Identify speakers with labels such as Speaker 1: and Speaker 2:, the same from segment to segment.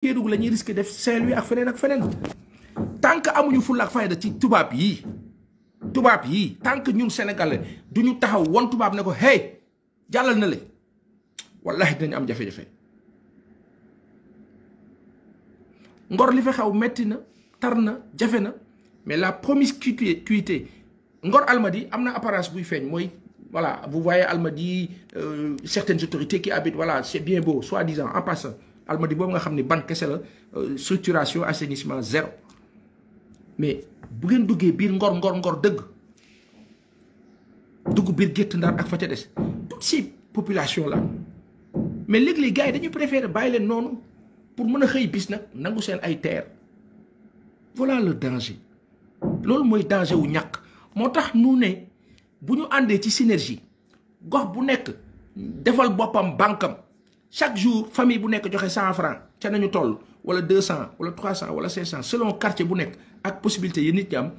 Speaker 1: Kédougou la ñuy risqué def Saint-Louis ak feneen ak feneen tant que amuñu fulla ak fayda ci tubaab yii tubaab yi tant que ñun sénégalais du ñu taxaw won tubaab ne ko hey jàllal na le wallahi dinañ am jafe-jafe. ngor li fi xaw metti na tar na jafe na mais la promiscuité ngor almadi am na apparence buy feeñ mooy voilà vous voyez almadi euh, certaines autorités qui habitent voilà c'est bien beau soi-disant en passant. almadi boobu nga xam ne ban kese la euh, structuration assainissement zéro mais bu ngeen duggee biir ngor ngor ngor dëgg dugg biir gétt ndaar ak fa ca des toutes ces populations là mais léeg-léeg gars yi dañuy préférer bàyyi leen noonu pour mën a xëy bis nag nangu seen ay terre voilà le danger loolu mooy danger wu ñàkk moo tax nu ne bu ñu àndee ci synergie gox bu nekk defal boppam bànkam chaque jour famille bu nekk joxe cent franc ca nañu toll wala deux cent wala trois cent wala cinq cent selon quartier bu nekk ak possibilité yi nit ñi am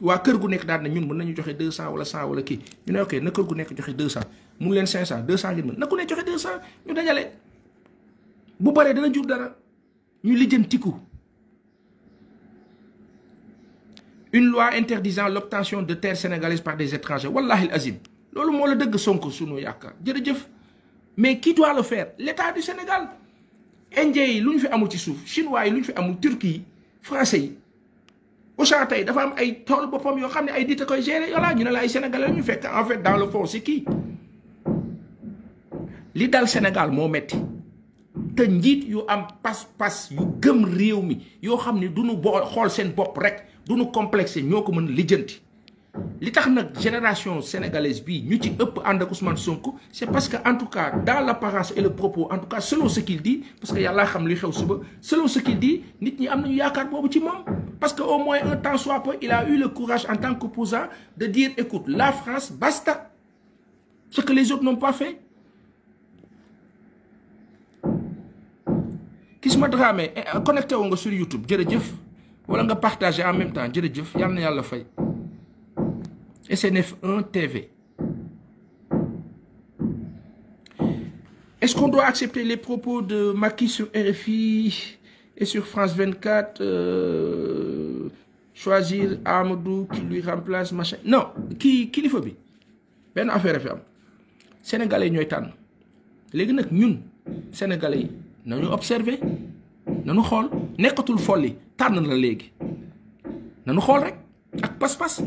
Speaker 1: waa kër gu nekk daan na ñun mën nañu joxe deux cent wala cent ki kii ñu ne ok na kër gu nekk joxe deux cent mun leen cinq cent deux cent ngeen mën na ku ne joxe deux ñu dajale bu paree dana jur dara ñu lijjantiku une loi interdisant l'obtention de terres sénégalaises par des étrangers wallahi azim loolu moo la dëgg Sonko sunu jërëjëf mais qui doit le faire l'État du Sénégal Indien yi lu ñu fi amul ci suuf chinois yi lu ñu fi amul turquie yi français yi Auchan tey dafa am ay tool boppam yoo xam ne ay dit a koy gérer yolaa ñu ne la ay sénégalais ñu fekk en fait dans le fond c'est kii li dal Sénégal moo metti te njiit yu am pas-pas yu gëm réew mi yoo xam ne du ñu xool seen bopp rek du ñu complexe ñoo ko mën lijjanti li tax nag génération sénégalaise bi ñu ci ëpp ànd ak Ousmane Sonko c'est parce que en tout cas dans l'apparence et le propos en tout cas selon ce qu'il dit parce que yàllaa xam li xew suba selon ce qu'il dit nit ñi am nañu yaakaar boobu ci moom parce que au moins un temps soit peu il a eu le courage en tant qu'opposant de dire écoute la France basta ce que les autres n'ont pas fait Kisma Dramé eh, eh, connecté woo nga sur YouTube jërëjëf wala nga partagé e même temps jërëjëf yal yàlla fay SNF1 TV. Est-ce qu'on doit accepter les propos de Macky sur RFI et sur France 24 euh, Choisir Amadou qui lui remplace, machin. Non, ki kilifa bi benn affaire fi am sénégalais ñooy tànn léegi nag ñun sénégalais yi nañu observer nañu xool nekkatul folli tànn la léegi nañu xool rek ak pas-pas.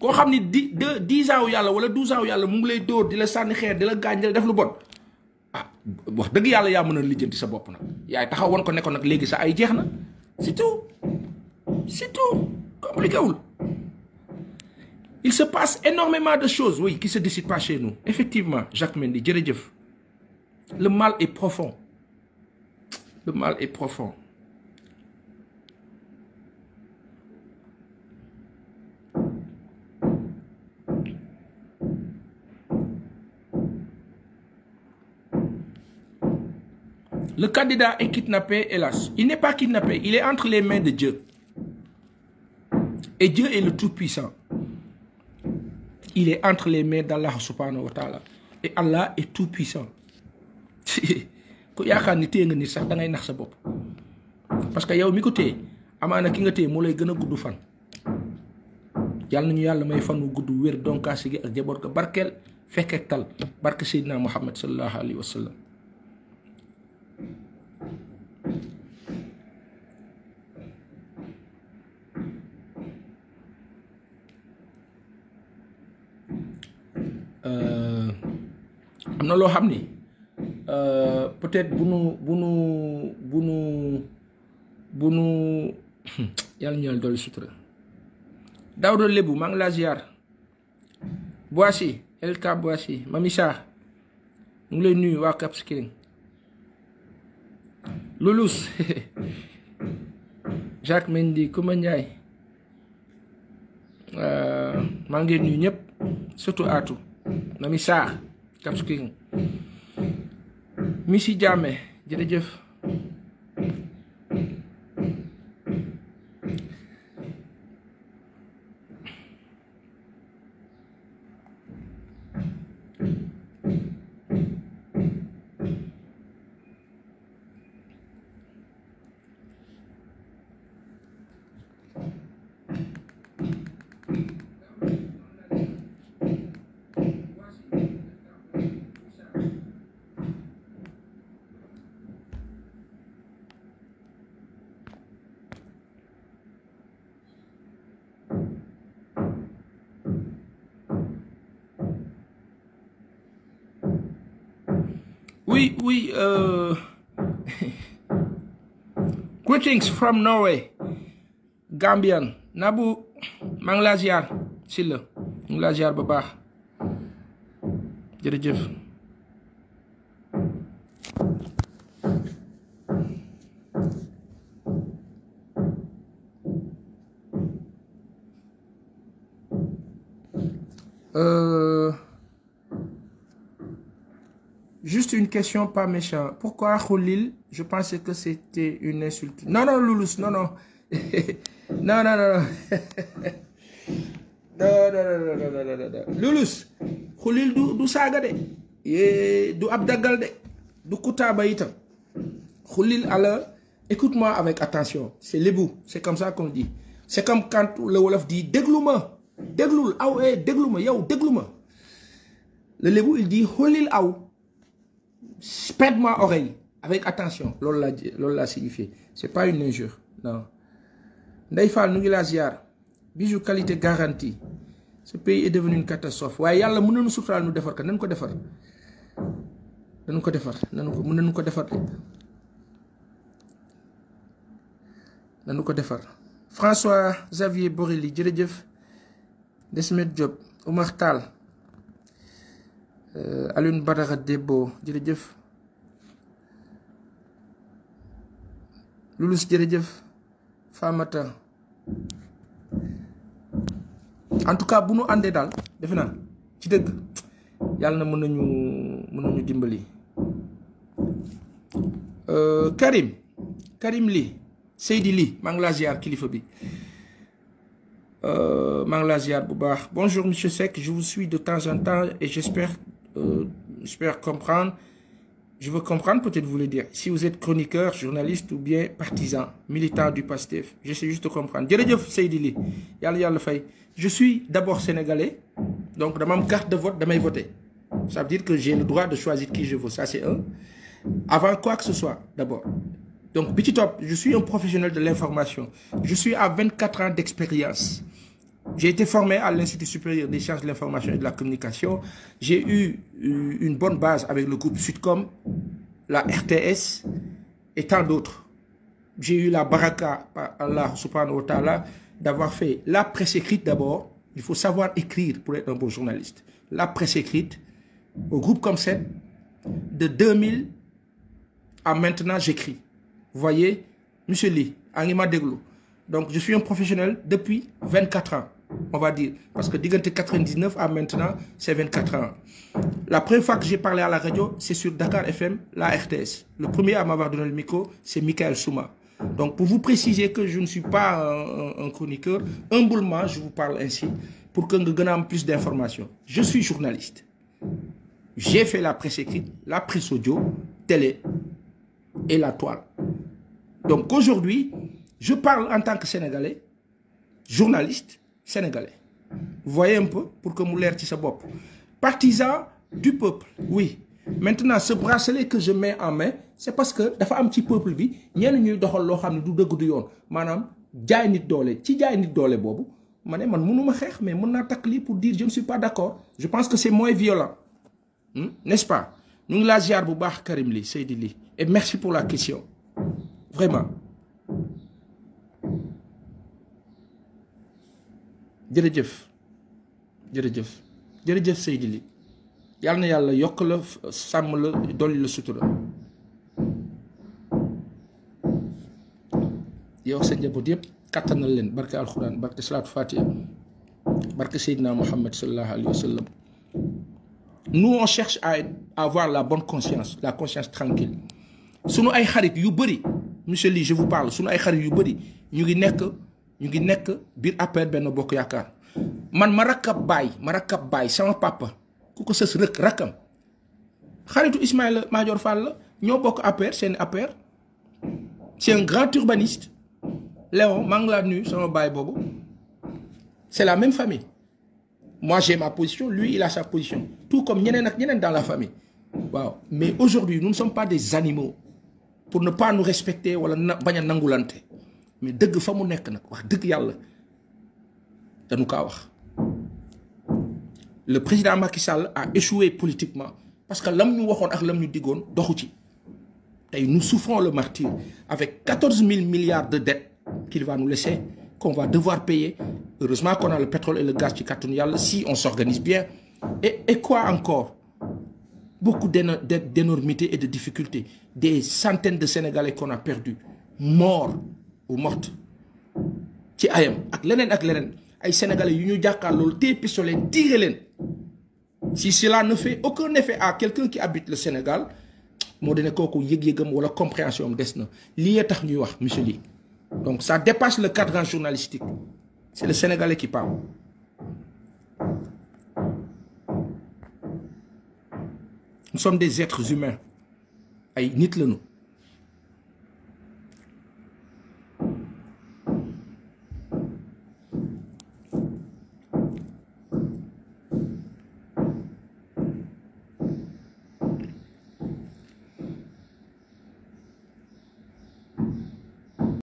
Speaker 1: koo xam ni di de dix ans yàlla wala douze ans yàlla mu ngi lay dóor di la sànni xeer di la gaañ di la def lu bon ah wax dëgg yàlla yaa mën a di sa bopp nag yaay taxaw woon ko nekkoon nag léegi sa ay jeex na c'est tout c'est tout compliqué wul. il se passe énormément de chose oui qui sa décident pas chez nous effectivement Jacques Mendy jërëjëf le mal est profond le mal est profond. Le candidat est kidnappé, hélas. Il n'est pas kidnappé, il est entre les mains de Dieu. Et Dieu est le Tout-Puissant. Il est entre les mains d'Allah subhanahu wa ta'ala. Et Allah est Tout-Puissant. ku yaakaar ni téye nga nit sax dangay nax sa bopp parce que yow mi ko téye amaana ki nga téye moo lay gën a gudd fan yàlla nañu yàlla may fan wu gudd wér donkaasi gi ak jaboot ko barkeel fekkeek tal barke Seydina Muhammad sallallahu alayhi wa na loo xam ni euh, peut-être bu nu bu nu bu nu bu nu yàlla ñu yàlla dolli sutura Daouda Lebu maa ngi laa ziar Boissy LK Boissy Mami Sarr mu ngi lay nuyu waa Cap Skirring Loulous Jacques Mendy Kouma Ndiaye euh, maa ngi nuyu ñëpp surtout Atou Mami Sarr Cap Skirring Missy Diame jërëjëf Oui, oui. Euh... from Norway. Gambian. Nabu, maa ngi laa ziar si bu baax Juste une question, pas méchant. Pourquoi Khalil Je pensais que c'était une insulte. Non, non, non, non. non, non, non, non. non, non, non, non, du, du saaga de. Et du abdagal de. Du kutaaba itam. Khalil, alors, écoute-moi avec attention. C'est l'ébou. C'est comme ça qu'on dit. C'est comme quand le Wolof dit Déglouma. Dégloul, aou, eh, Le lébou, il dit Khalil, aou. prête-moi oreille avec attention loolu laa loolu laa signifié c'est pas une injure non Ndeye nu ngi laa ziar bijou qualité garantie ce pays est devenu une catastrophe waaye yàlla mën nañu suturaal nu defar ko nañ ko defar nañ ko defar nañ ko mën nañu ko defar nañu ko defar François Xavier Borelli jërëjëf Desmet Diop Oumar Tall Euh, Alioune Badara Debbo jërëjëf Lulus jërëjëf Famata en tout cas bu nu àndee daal defe naa ci dëgg yàlla na mën nañu mën nañu dimbali euh, Karim Karim li Seydi li maa ngi laa ziar kilifa bi euh, maa ngi laa ziar bu baax bonjour monsieur Seck je vous suis de temps en temps et j'espère j'espère comprendre. Je veux comprendre, peut-être vous le dire. Si vous êtes chroniqueur, journaliste ou bien partisan, militant du PASTEF, j'essaie juste de comprendre. jërëjëf Seydi Ly yàlla yàlla fay je suis d'abord sénégalais donc dama am carte de vote damay voter ça veut dire que j'ai le droit de choisir qui je veux ça c'est un avant quoi que ce soit d'abord donc bi ci topp je suis un professionnel de l'information je suis à 24 ans d'expérience J'ai été formé à l'Institut supérieur des sciences de l'information et de la communication. J'ai eu une bonne base avec le groupe Sudcom, la RTS et tant d'autres. J'ai eu la baraka par Allah subhanahu wa d'avoir fait la presse écrite d'abord. Il faut savoir écrire pour être un bon journaliste. La écrite au groupe comme ça, de 2000 à maintenant, j'écris. Vous voyez, Monsieur Lee, Anima Deglo. Donc, je suis un professionnel depuis 24 ans. on va dire parce que diggante 99 à maintenant c'est 24 ans la première fois que j'ai parlé à la radio c'est sur Dakar FM la le premier à m'avoir donné le micro c'est Michael Souma donc pour vous préciser que je ne suis pas un, un, un chroniqueur humblement je vous parle ainsi pour que nga gën a am plus d'informations je suis journaliste j'ai fait la presse écrite la audio télé et la toile donc aujourd'hui je parle en tant que Sénégalais journaliste sénégalais voyez un peu pour que mu leer ci sa bopp partisan du peuple oui maintenant ce bracelet que je mets en main c'est parce que dafa am ci peuple bi ñenn ñuy doxal loo xam ne du dëgg du yoon maanaam jaay nit doole ci jaay nit doole boobu ma ne man mënuma xeex mais mun naa takk lii pour dire je ne suis pas d'accord je pense que c'est moins violent hmm? n'est-ce pas ñu ngi laa ziar bu baax Karim Ly Seydi Ly et merci pour la question vraiment jërëjëf jërëjëf jërëjëf Seydi Ly yàlla na yàlla yokk la sàmm la dolli la sutura yow sa njaboot yëpp kattanal leen barke alxuraan barke salaatu fatiha barke Seydina Mohamed sallallahu alayhi wa sallam nous on cherche à avoir la bonne conscience la conscience tranquille sunu ay xarit yu bëri monsieur Ly je vous parle sunu ay xarit yu bëri ñu ngi nekk. ñu ngi nekk biir APR benn bokk yaakaar man ma rakkab baay ma rakkab baay sama papa ku ko sës rëkk rakkam xaritu Ismaïla Madior Fall la ñoo bokk APR seen APR c'est un grand urbaniste Léon maa ngi laa nuyu sama baay boobu c'est la même famille moi j'ai ma position lui il a sa position tout comme ñeneen ak ñeneen dans la famille waaw mais aujourd'hui nous ne sommes pas des animaux pour ne pas nous respecter wala na bañ a nangulante mais dëgg fa mu nekk nag wax dëgg yàlla dañu kaa wax le président Macky Sall a échoué politiquement parce que lam ñu waxoon ak lam ñu diggoon doxu ci tey nu souffrons le martyre avec 14 000 milliards de dettes qu'il va nous laisser qu'on va devoir payer heureusement qu'on a le pétrole et le gaz ci kàttanu yàlla si on s'organise bien et et quoi encore beaucoup d'énormités et de difficultés des centaines de Sénégalais qu'on a perdus morts ou morte ci ayam ak leneen ak leneen ay sénégalais yu ñu jàkkaar loolu téye pistolet tiré leen si cela ne fait aucun effet à quelqu'un qui habite le Sénégal moo dina kooku yëg-yëgam wala compréhension des na li lii tax ñuy wax monsieur Ly donc ça dépasse le cadre journalistique c'est le Sénégalais qui parle nous des êtres humains ay nit lañu